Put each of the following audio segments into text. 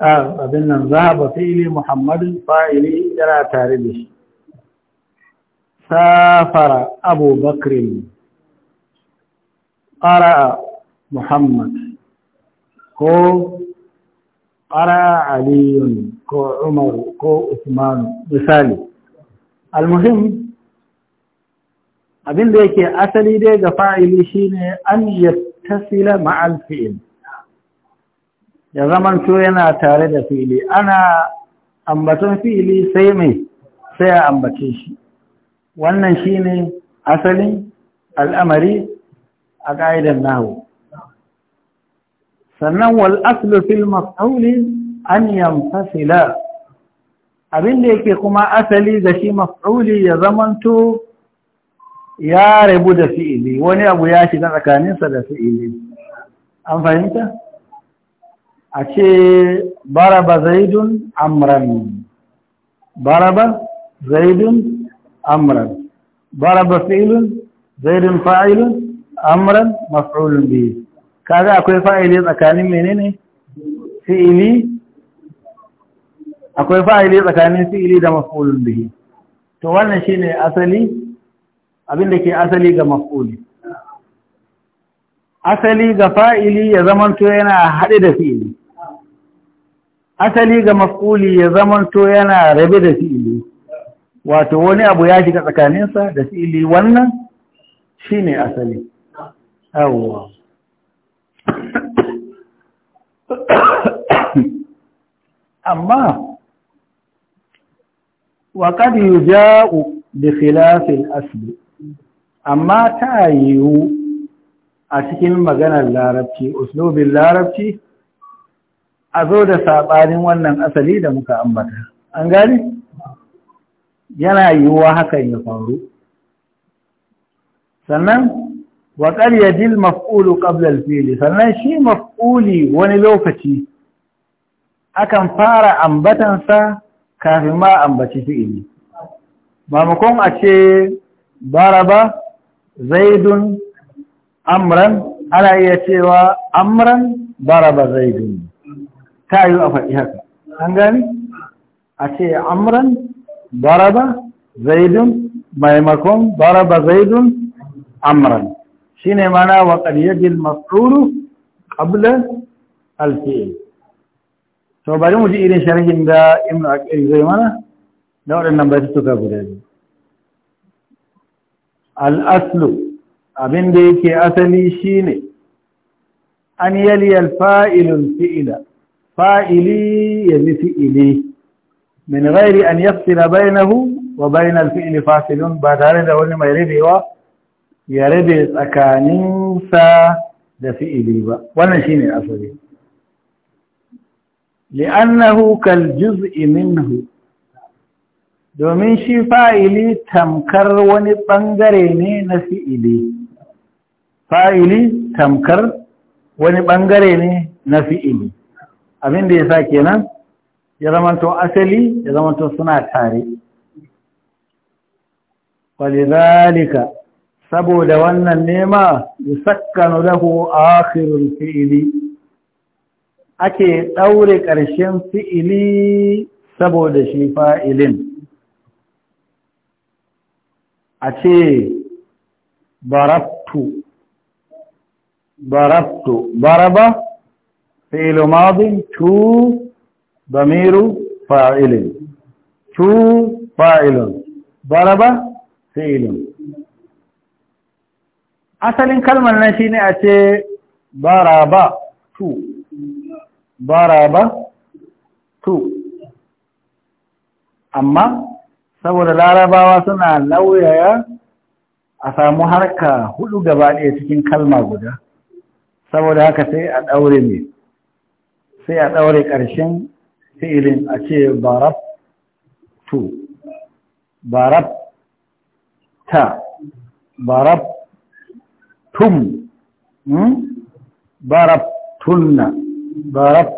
abin nan zahaba Muhammadu muhammadin fa'ili yana tare da shi safara abubakrin ƙara'a muhammad ko ƙara'a aliyun ko umaru ko usmanu misali almuhim abin da yake asali dai ga fa'ili shine an yattasila ma'al fi'il ya zamanto yana tare da fili ana ambaton fili sai mai sai a ambace shi wannan shine asalin al'amari a ƙa'idar nahu sannan wal aslu fil maf'uli an yanfasila abinda yake kuma asali ga shi maf'uli ya zamanto ya rabu da fi'ili wani abu ya shiga tsakaninsa da fi'ili an fahimta a ce baraba zaidun amran baraba zaidun amran baraba fa'ilun zaidun fa'ilun amran maf'ulun bihi kaga akwai fa'ili tsakanin menene fi'ili akwai fa'ili tsakanin fi'ili da maf'ulun bihi to wannan shine asali abinda ke asali ga maf'uli asali ga fa'ili ya zamanto yana haɗe da fi'ili asali ga maf'uli ya zamanto yana rabe da fi'ili wato wani abu ya shiga tsakaninsa da fi'ili wannan shine asali yawwa amma wa kad yuja'u bi khilafil amma ta yiwu a cikin maganar larabci uslobin larabci a zo da saɓanin wannan asali da muka ambata an gani yana yiwuwa hakan ya faru sannan waƙar ya dil maf'ulu ƙablal fili sannan shi maf'uli wani lokaci akan fara ambatansa kafin ma ambaci fi'ili mamakon a ce baraba zaidun amran ana iya cewa amran baraba zaidun ta yi a faɗi haka an gani a ce amran baraba zaidun maimakon baraba zaidun amran shi ne mana wa ƙaryajin matsuru ƙabla alfi'il to bari mu ji irin sharhin da ibn akiri zai mana da waɗannan bai suka guda biyu al'aslu abin da yake asali shine an yali alfa'ilun fi'ila fa'ili ya bi fi'ili min ghairi an yafsila bainahu wa bainal fi'li fasilun ba tare da wani mai rabewa ya rabe tsakaninsa da fi'ili ba wannan shine asali li'annahu kal juz'i minhu domin shi fa'ili tamkar wani bangare ne na fi'ili fa'ili tamkar wani ɓangare ne na fi'ili abin da ya sa kenan ya zamanto asali ya zamanto suna tare walidhalika saboda wannan nema yusakkanu lahu akhirul fi'li ake daure ƙarshen fi'ili saboda shi fa'ilin a ce barabtu barabtu baraba فعل ماضي تو ضمير فاعل تو فاعل ضرب فعل asalin الكلمه nan shine a ce baraba tu baraba tu amma saboda larabawa suna lauyaya a samu harka hudu gaba ɗaya cikin kalma guda saboda haka sai a ɗaure mai sai a ɗaure ƙarshen fi'ilin a ce barab tu barab ta barab tum hmm? barab tunna barab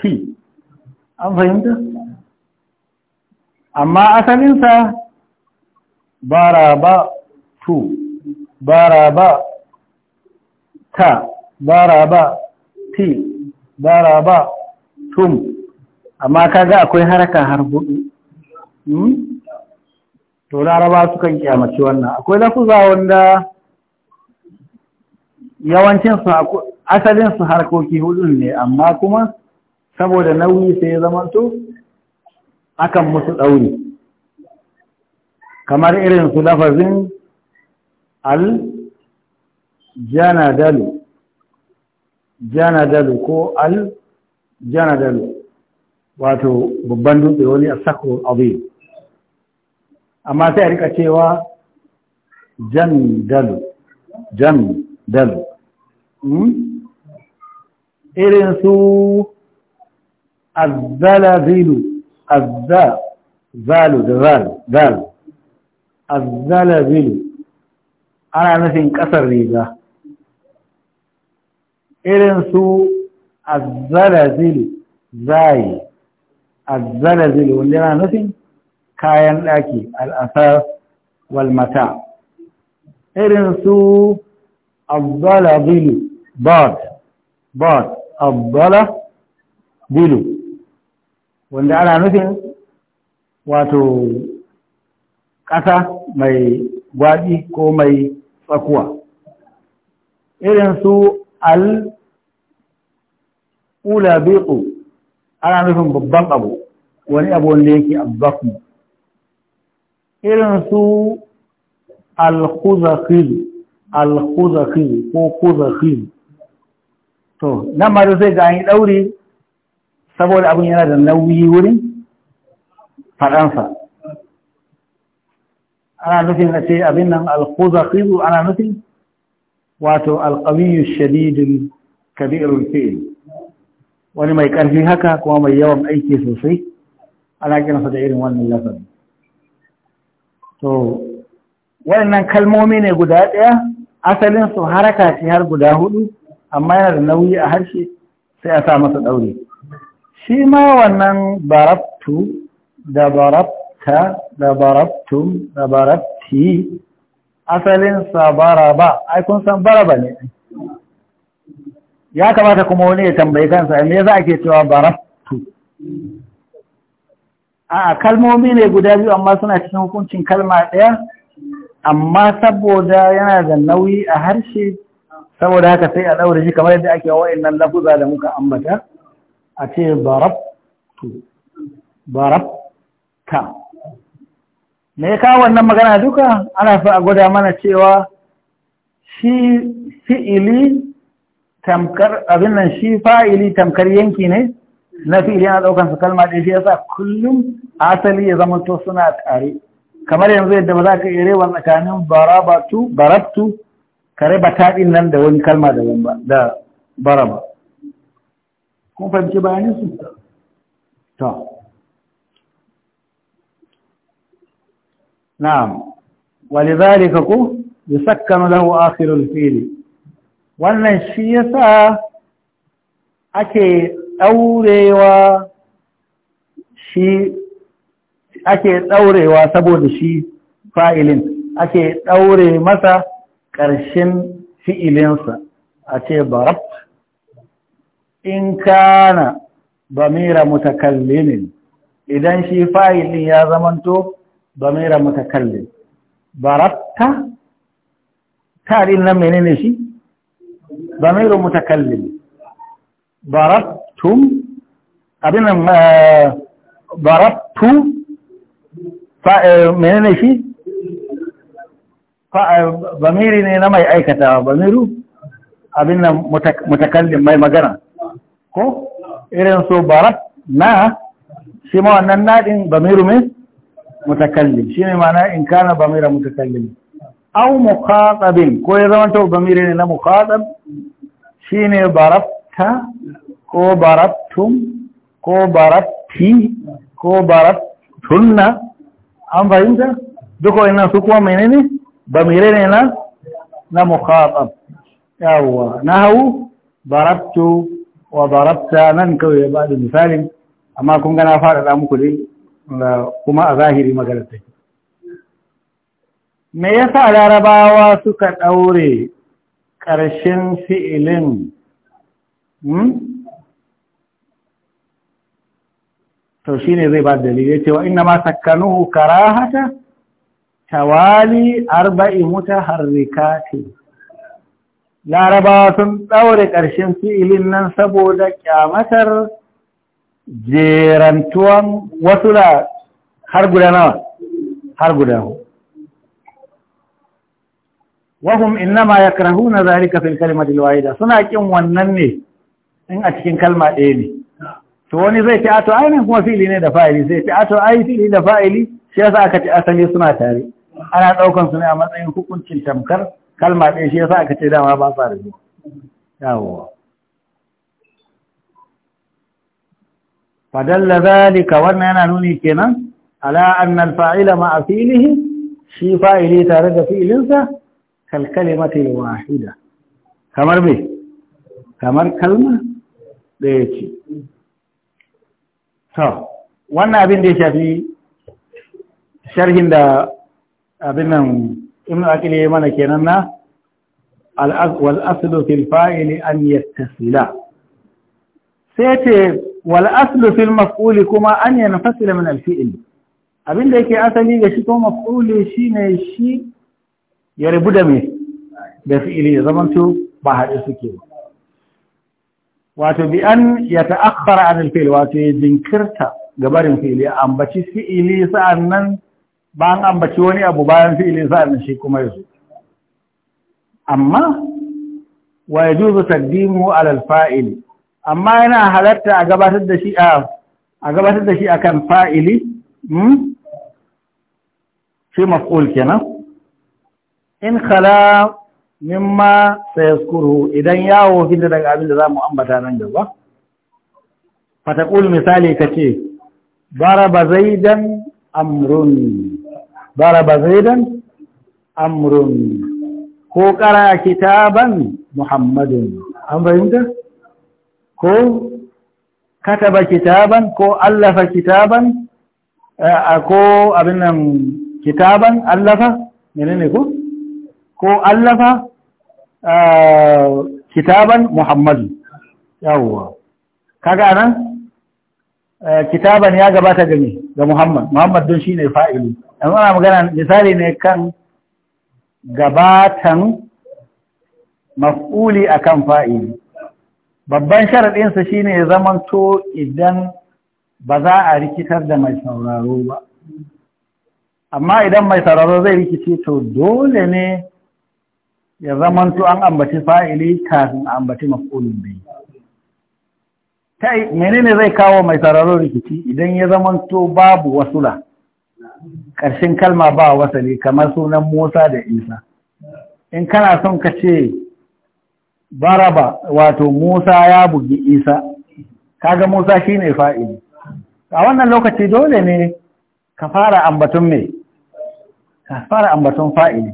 ti an fahimta amma asalinsa baraba tu baraba ta baraba ti ba, tum amma ga akwai haraka har hudu hmm? to laraba sukan kyamaci wannan akwai lafuza wanda yawancin su asalin su harkoki hudun ne amma kuma saboda nauyi sai ya to akan musu ɗauri kamar irin su lafazin al janadalu janadalu ko al janadalu wato babban dutse wani a sako azim amma sai a rika cewa Jan-Dalu, hmm? irin su azzalazilu azza zalu da zalu zalu azzalazilu ana nufin ƙasar riga irin su azzalazil zai azzalazil wanda yana nufin kayan ɗaki al'asar walmata irin su azzalazil board board azzalazil wanda ana nufin wato ƙasa mai gwaɗi ko mai tsakuwa irin su al'ula biyu ana nufin babban abu wani abu wanda yake abbaku irin su al-khuzakhizu al-khuzakhizu ko khuzakhizu to nan ma sai ga an yi ɗauri saboda abin yana da nauyi wurin faɗansa ana nufin a ce abin nan al-khuzakhizu ana nufin wato alƙawiyu shadidin kabirul fi'l wani mai ƙarfi haka kuma mai yawan aiki sosai ana sa da irin wannan lafazi to wannan kalmomi ne guda ɗaya asalin su haraka ce har guda hudu amma yana da nauyi a harshe sai a sa masa ɗaure shi ma wannan barabtu da barabta da barabtum da barabti asalin sa baraba ai kun san baraba ne ya kamata kuma wani ya tambayi kansa me yasa ake cewa barabtu a kalmomi ne guda biyu amma suna cikin hukuncin kalma ɗaya amma saboda yana da nauyi a harshe saboda haka sai a ɗaure shi kamar yadda ake nan lafuza da muka ambata a ce barabtu barabta me ya kawo wannan magana duka ana fi a gwada mana cewa shi fi'ili tamkar abin nan shi fa'ili tamkar yanki ne na fi'ili yana ɗaukar su kalma ɗaya shi yasa kullum asali ya zama to suna tare kamar yanzu yadda ba za ka iya rewa tsakanin barabatu barabtu kare ba taɗin nan da wani kalma da da ba kun fahimci bayanin su to na'am walidhalika ku yusakkanu lahu akhirul fili wannan shi yasa ake daurewa shi ake daurewa saboda shi fa'ilin ake daure masa ƙarshen fi'ilinsa a ce barab in kana bamira mutakallimin idan shi fa'ilin ya zamanto ضمير متكلم ضربت تعرين لما ننشي ضمير متكلم ضربتم أبنا ضربت منين شيء ضميري ne na mai aikata bamiru abin nan mutakallin mai magana ko irin so barat na shi wannan nadin bamiru mai mutakallim shi ne mana in kana bamira mutakallim au muqatabin ko ya zama to bamira ne na muqatab shi ne barafta ko baraftum ko barabti ko barabtunna an fahimta duk wannan su kuma menene bamira ne na na muqatab na nahu barabtu wa barabta nan kawai ya bada misalin amma kun ga na fara da muku dai kuma a zahiri maganar me yasa larabawa suka ɗaure ƙarshen fi'ilin hmm? to shi ne zai ba dalilai cewa ina ma sakkanuhu karahata tawali arba'i mutaharrikati larabawa sun ɗaure ƙarshen fi'ilin nan saboda ƙyamatar jerantuwan wasu da har guda nawa har guda hu wahum innama yakrahuna zalika fil kalimati alwahida suna kin wannan ne in a cikin kalma ɗaya ne to wani zai ce ato ai kuma fili ne da fa'ili sai ce ato ai fili da fa'ili shi yasa aka ce asali suna tare ana daukan su ne a matsayin hukuncin tamkar kalma ɗaya shi yasa aka ce dama ba sa da yawa fadalla zalika wannan yana nuni kenan ala anna al-fa'ila ma'a fi'lihi shi fa'ili tare da fi'ilinsa kal kalimati wahida kamar me kamar kalma daya ce to wannan abin da ya shafi sharhin da abin nan ibnu akili mana kenan na al-aslu fil fa'ili an yattasila sai ce wal aslu fil maf'uli kuma an yanfasila min al abinda yake asali ga shi ko maf'uli ne shi ya rubu da me da fi'ili ya zamanto ba haɗe suke ba wato bi an ya ta'akhkhara an al wato ya jinkirta gabarin fi'ili ambaci fi'ili sa'annan an ambaci wani abu bayan fi'ili sa'annan shi kuma yazo amma wa yajuzu taqdimu ala al fa'ili amma yana halatta a gabatar da shi a a gabatar da shi akan fa'ili hmm shi maf'ul kenan in khala mimma sayaskuru idan yawo fita daga abin da zamu ambata nan gaba fataqul misali kace daraba zaidan amrun daraba zaidan amrun ko ƙara kitaban Muhammadu. an fahimta ko kataba kitaban ko allafa kitaban eh, ah, ko abin nan kitaban allafa menene ko ko allafa ah, kitaban muhammadu yawwa kaga nan eh, kitaban ya gabata gani ga muhammad muhammad don shine fa'ili amma ana magana misali ne kan gabatan maf'uli akan fa'ili babban sharaɗinsa shine ya zamanto idan ba za a rikitar da mai sauraro ba amma idan mai sauraro zai rikice to dole ne ya zamanto an ambaci fa'ili kafin a ambaci maf'ulun bai? menene zai kawo mai sauraro rikici idan ya zamanto babu wasula ƙarshen kalma ba wasali kamar sunan Musa da Isa in kana son ka ce baraba wato Musa ya bugi Isa kaga Musa shi ne fa'ili a wannan lokaci dole ne ka fara ambaton me ka fara ambaton fa'ili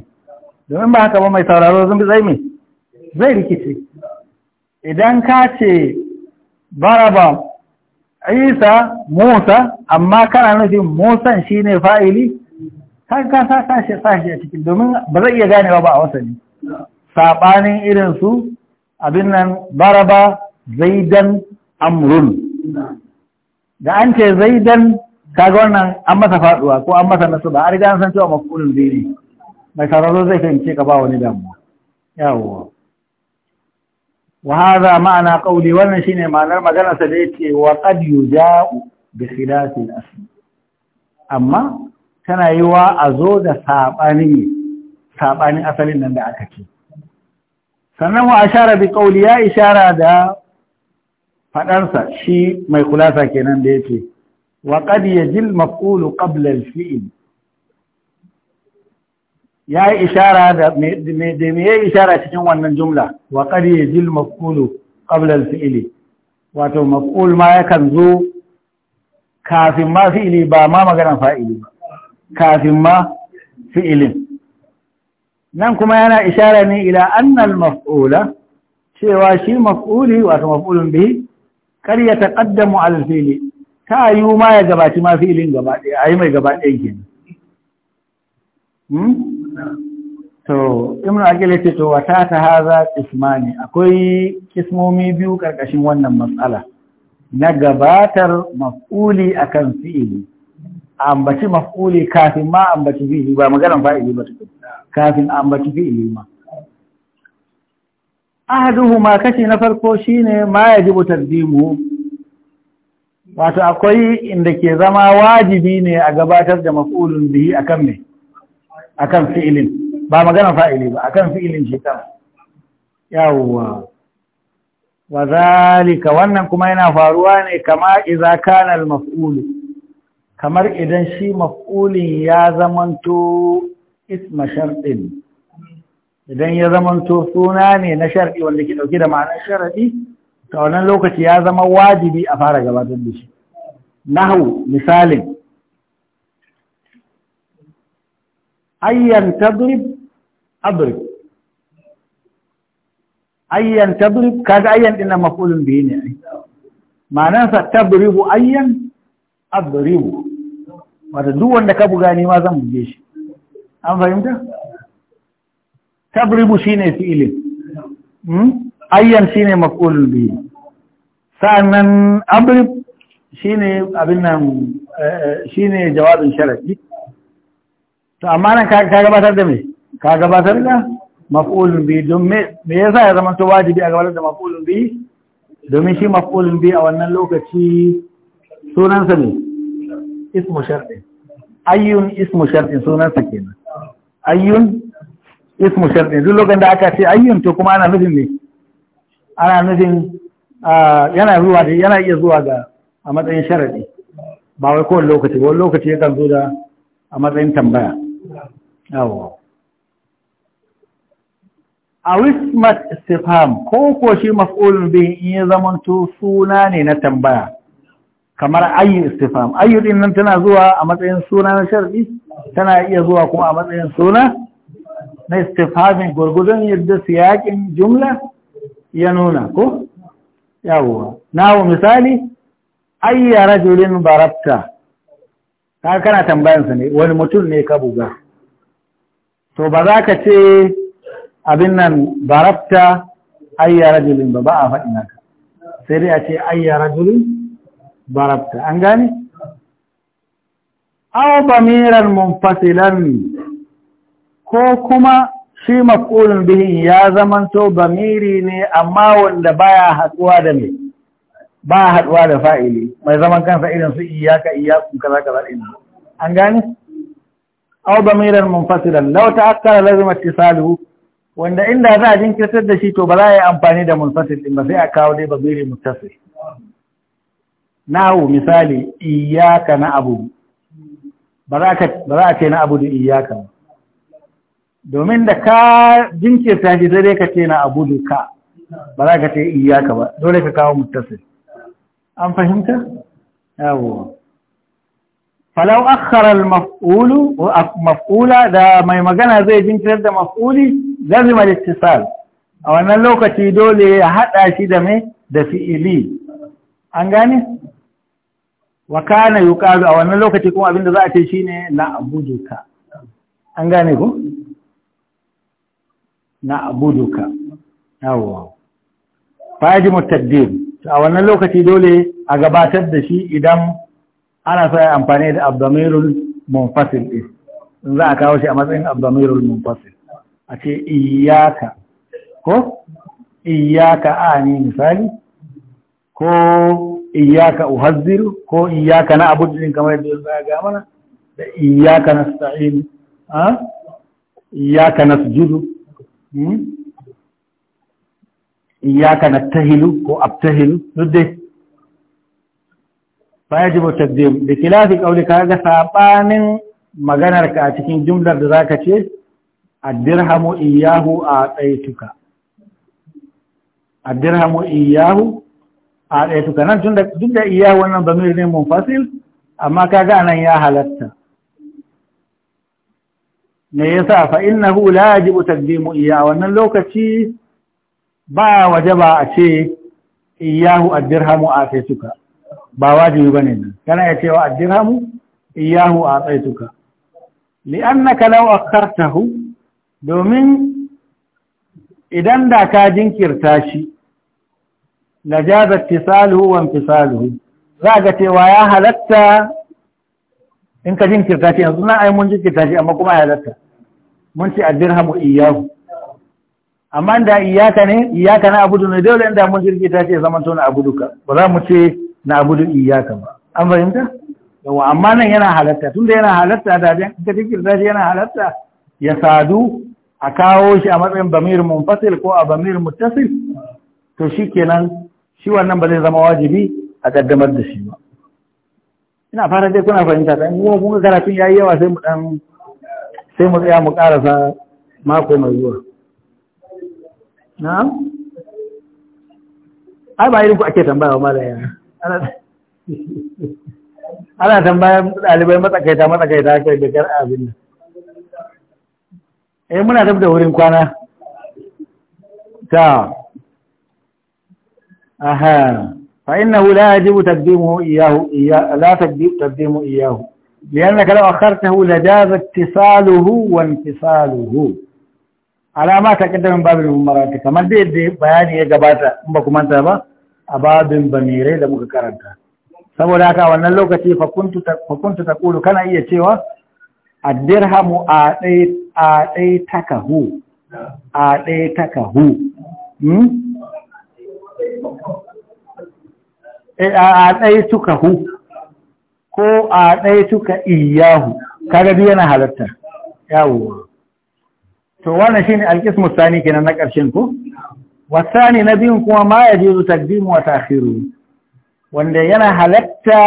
domin ba haka ba mai sauraro zan zai mai, zai rikice idan ka ce baraba Isa Musa amma kana nufin Musan ne fa'ili ka ka sa shi a cikin domin ba zai iya ganewa ba a wasani saɓanin irinsu abin nan baraba zaidan amrun da an ce zaidan kaga wannan an masa faduwa ko an masa ba a riga an san cewa mafulun zai mai sauraro zai fahimce ka ba wani damuwa yawwa wa hadha ma'ana qawli wannan shine ma'anar maganar sa da yake wa qad yuja'u bi khilafi al-asl amma tana yiwa a zo da saɓanin sabani asalin nan da aka ce sannan wa ashara bi qawli ya ishara da fadarsa shi mai kulasa kenan da yake wa qad yajil maf'ulu qabla al-fi'l ya ishara da me me ya ishara cikin wannan jumla wa qad yajil maf'ulu qabla al-fi'l wato maf'ul ma yakan zo kafin ma fi'ili ba ma magana fa'ili ba kafin ma fi'ilin nan kuma yana ishara ne ila annal maf'ula cewa shi maf'uli wato maf'ulun bihi kar ya taqaddamu al fili ta yi ma ya gabaci ma filin gaba ɗaya ayi mai gaba ɗaya kenan hmm to ibnu aqil yace to wata ta haza qismani akwai kismomi biyu karkashin wannan matsala na gabatar maf'uli akan fi'ili ambaci maf'uli kafin ma ambaci fi'ili ba maganar fa'ili ba tukuna kafin a ambaci fi'ili ma ahaduhuma kashi na farko shi ne ma butar dimu, wato akwai inda ke zama wajibi ne a gabatar da maf'ulun bihi akan a kan fi'ilin ba magana fa'ili ba kan fi'ilin shi kan yawwa wa zalika wannan kuma yana faruwa ne kama iza kanal mafulu, kamar idan shi maf'ulin ya zamanto isma sharɗin idan ya zama suna ne na sharɗi wanda ke ɗauke da ma'anar sharaɗi ta wannan lokaci ya zama wajibi a fara gabatar da shi nahu misalin ayyan tadrib adrib ayyan tadrib kaga ayyan din maf'ulun bihi ne ma'anarsa tadribu ayyan adribu wata duk wanda ka buga ni ma zan buge shi an fahimta tabribu shine fi'ilin hmm? ayyan shine maf'ulul bihi sa'annan abrib shine abin nan eh, eh, shine jawabin sharadi to amma nan ka gabatar da me ka gabatar da maf'ulun bihi don me yasa ya zama to wajibi a gabatar da maf'ulun bihi domin shi maf'ulun bihi a wannan lokaci sunansa ne ismu shar'i ayyun ismu shar'i sunansa kenan ayyun ismu sharɗi duk lokacin da aka ce ayyun to kuma ana nufin ne ana nufin yana zuwa da yana iya zuwa ga a matsayin sharaɗi ba wai kowane lokaci wani lokaci yakan zo da a matsayin tambaya yawo a wismat istifham ko ko shi maf'ulun bi in ya zamanto suna ne na tambaya kamar ayyu istifham ayyu din nan tana zuwa a matsayin suna na sharaɗi? tana iya zuwa kuma a matsayin suna na istifafin gurgudun yadda yaƙin jumla ya nuna ko yawuwa nawo misali ayyara julin barabta ta kana tambayansa ne wani mutum ne ka buga to ba za ka ce abin nan barabta ayyara julin ba ba a faɗin haka sai dai a ce ayyara julin barabta an gane aw bamiran munfasilan ko kuma shi maf'ulun bihi ya zamanto bamiri ne amma wanda baya haduwa da me ba haduwa da fa'ili mai zaman kansa irin su iyyaka iyyakum kaza kaza din an gane aw damiran munfasilan law ta'akkara lazima ittisaluhu wanda inda za a jinkirtar da shi to ba za a yi amfani da munfasil din ba sai a kawo dai bamiri muttasil nahu misali iyaka na abu ba za a ce na abu da iyaka ba domin da ka jinkirta shi zai ka ce na abu da ka ba za ka ce iyaka ba dole ka kawo mutasir an fahimta yawo falau akharar mafulu maf'ula da mai magana zai jinkirar da maf'uli lazima al-ittisal a wannan lokaci dole ya haɗa shi da mai da fi'ili an gane wa kana yuqalu a wannan lokaci kuma abin da za a ce shine na abuduka an gane ko na abuduka yawwa fajimu to a wannan lokaci dole a gabatar da shi idan ana sa amfani da abdamirul munfasil din za a kawo shi a matsayin abdamirul munfasil a ce iyaka ko iyaka a ni misali ko iyaka uhazziru ko iyaka na abu din kamar da ya ga mana da iyaka nasta'in ha iyaka nasjudu iyaka nattahilu ko abtahilu duk dai fayajibu taqdim da kauli ka kaga sabanin maganar ka a cikin jumlar da zaka ce addirhamu iyahu a tsaituka addirhamu iyahu a ɗaya eh, nan tun da duk da iya wannan bamir ne fasil amma kaga nan ya halatta me yasa fa innahu la yajibu taqdimu iya wannan lokaci ba wajaba a ce iyahu ad-dirhamu tuka ba wajibi bane nan kana ya cewa ad-dirhamu iyahu a ataytuka li'annaka law akhartahu domin idan da ka jinkirta shi la jaza ittisaluhu wa infisaluhu za ga cewa ya halatta in ka jinkirta ce yanzu na ai mun jinkirta ce amma kuma ya halatta mun ce addirhamu iyyahu amma da iyaka ne iyaka na abudu ne dole inda mun jinkirta shi ce zama to na abuduka ba za mu ce na abudu iyaka ba an fahimta yawa amma nan yana halatta tunda yana halatta da in ka jinkirta ce yana halatta ya sadu a kawo shi a matsayin bamir munfasil ko a bamir mutasil to shikenan shi wannan ba zai zama wajibi a kaddamar da shi ba ina fara dai kuna fahimta ta kuma kuma ya yi yawa sai mu dan sai mu tsaya mu karasa mako mai zuwa na'am ai ba irin ku ake tambaya ba da yana ana tambaya ɗalibai matsakaita matsakaita kai da kar abin nan eh muna da wurin kwana ta أها فإنه لا يجب تقديمه إياه, إياه لا تقديمه إياه لأنك لو أخرته لجاز اتصاله وانتصاله على ما تقدم من باب المرات كما دي بياني يا جباتا مبكم أنت با أباب بنيري لمك كرنتا سبو لك وأن lokaci fakuntu فكنت kulu kana iya cewa a dirhamu a ɗai takahu a ɗai Eh, a ɗaya tuka hu ko a ɗaya tuka iyahu kaga yana halatta yawo to wannan shine alqismu Sani kenan na ƙarshen ku wasani na biyun kuma ma ya jizu takdimu wa ta'khiru wanda yana halatta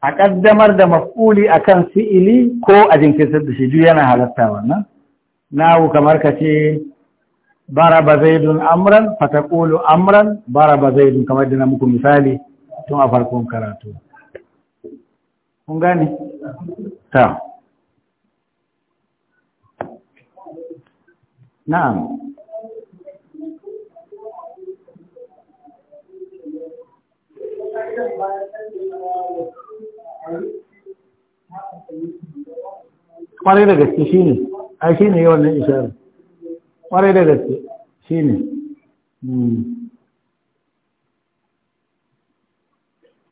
a ƙaddamar da maf'uli akan fi'ili ko a jinkirtar da shi yana halatta wannan nawu kamar ka ce baraba zaidun amran fatakulu amran baraba zaidun kamar da na muku misali tun a farkon karatu kun gane ta na'am kwarai da gaske shi ne a kwarai da gaske shi ne hmm.